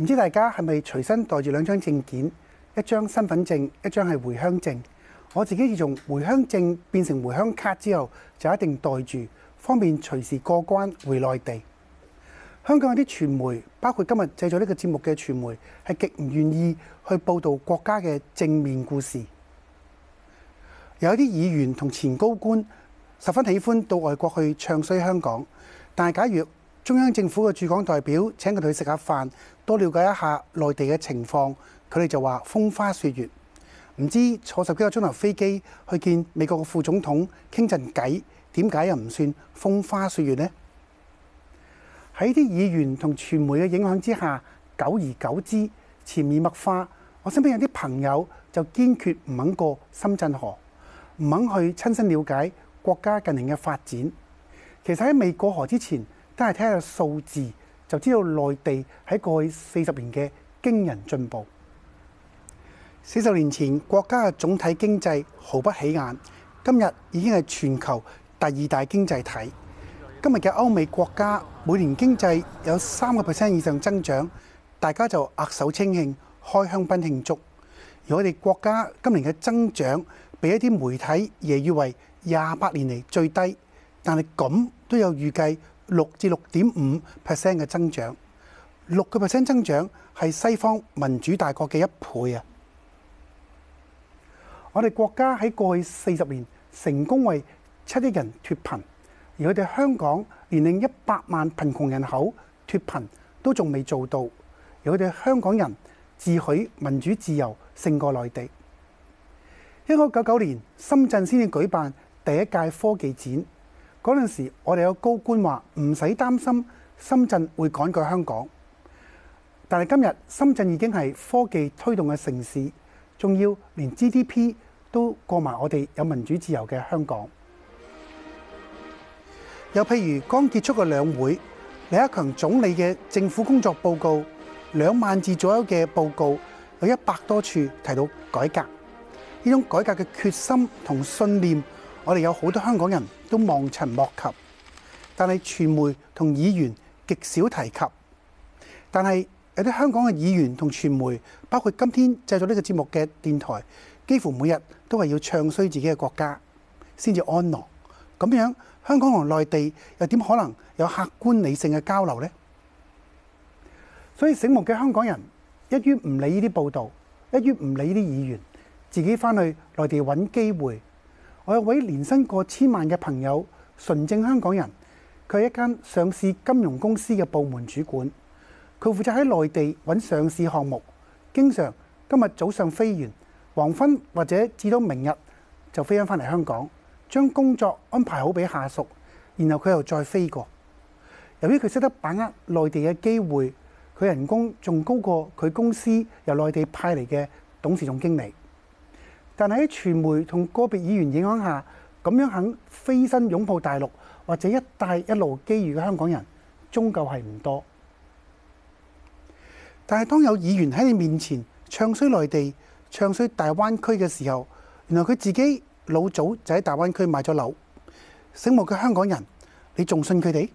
唔知大家係咪隨身袋住兩張證件，一張身份證，一張係回鄉證。我自己自從回鄉證變成回鄉卡之後，就一定袋住，方便隨時過關回內地。香港有啲傳媒，包括今日製作呢個節目嘅傳媒，係極唔願意去報導國家嘅正面故事。有啲議員同前高官十分喜歡到外國去唱衰香港，但係假如中央政府嘅駐港代表請佢哋食下飯，多了解一下內地嘅情況，佢哋就話風花雪月，唔知坐十幾個鐘頭飛機去見美國嘅副總統傾陣偈，點解又唔算風花雪月呢？喺啲議員同傳媒嘅影響之下，久而久之潛移默化。我身邊有啲朋友就堅決唔肯過深圳河，唔肯去親身了解國家近年嘅發展。其實喺未過河之前，真係睇下數字，就知道內地喺過去四十年嘅驚人進步。四十年前國家嘅總體經濟毫不起眼，今日已經係全球第二大經濟體。今日嘅歐美國家每年經濟有三個 percent 以上增長，大家就握手稱慶，開香檳慶祝。而我哋國家今年嘅增長，俾一啲媒體揶揄為廿八年嚟最低，但係咁都有預計。六至六點五 percent 嘅增長，六個 percent 增長係西方民主大國嘅一倍啊！我哋國家喺過去四十年成功為七億人脫貧，而我哋香港年齡一百萬貧窮人口脫貧都仲未做到，而我哋香港人自許民主自由勝過內地。一九九九年深圳先至舉辦第一屆科技展。嗰陣時，我哋有高官話唔使擔心深圳會趕過香港，但係今日深圳已經係科技推動嘅城市，仲要連 GDP 都過埋我哋有民主自由嘅香港。又譬如剛結束嘅兩會，李克強總理嘅政府工作報告兩萬字左右嘅報告，有一百多處提到改革。呢種改革嘅決心同信念，我哋有好多香港人，都望塵莫及，但係傳媒同議員極少提及。但係有啲香港嘅議員同傳媒，包括今天製作呢個節目嘅電台，幾乎每日都係要唱衰自己嘅國家，先至安樂。咁樣香港同內地又點可能有客觀理性嘅交流呢？所以醒目嘅香港人一於唔理呢啲報導，一於唔理呢啲議員，自己翻去內地揾機會。我有位年薪過千萬嘅朋友，純正香港人，佢係一間上市金融公司嘅部門主管，佢負責喺內地揾上市項目，經常今日早上飛完，黃昏或者至到明日就飛返返嚟香港，將工作安排好俾下屬，然後佢又再飛過。由於佢識得把握內地嘅機會，佢人工仲高過佢公司由內地派嚟嘅董事總經理。但係喺傳媒同個別議員影響下，咁樣肯飛身擁抱大陸，或者一帶一路機遇嘅香港人，終究係唔多。但係當有議員喺你面前唱衰內地、唱衰大灣區嘅時候，原來佢自己老早就喺大灣區買咗樓，醒目嘅香港人，你仲信佢哋？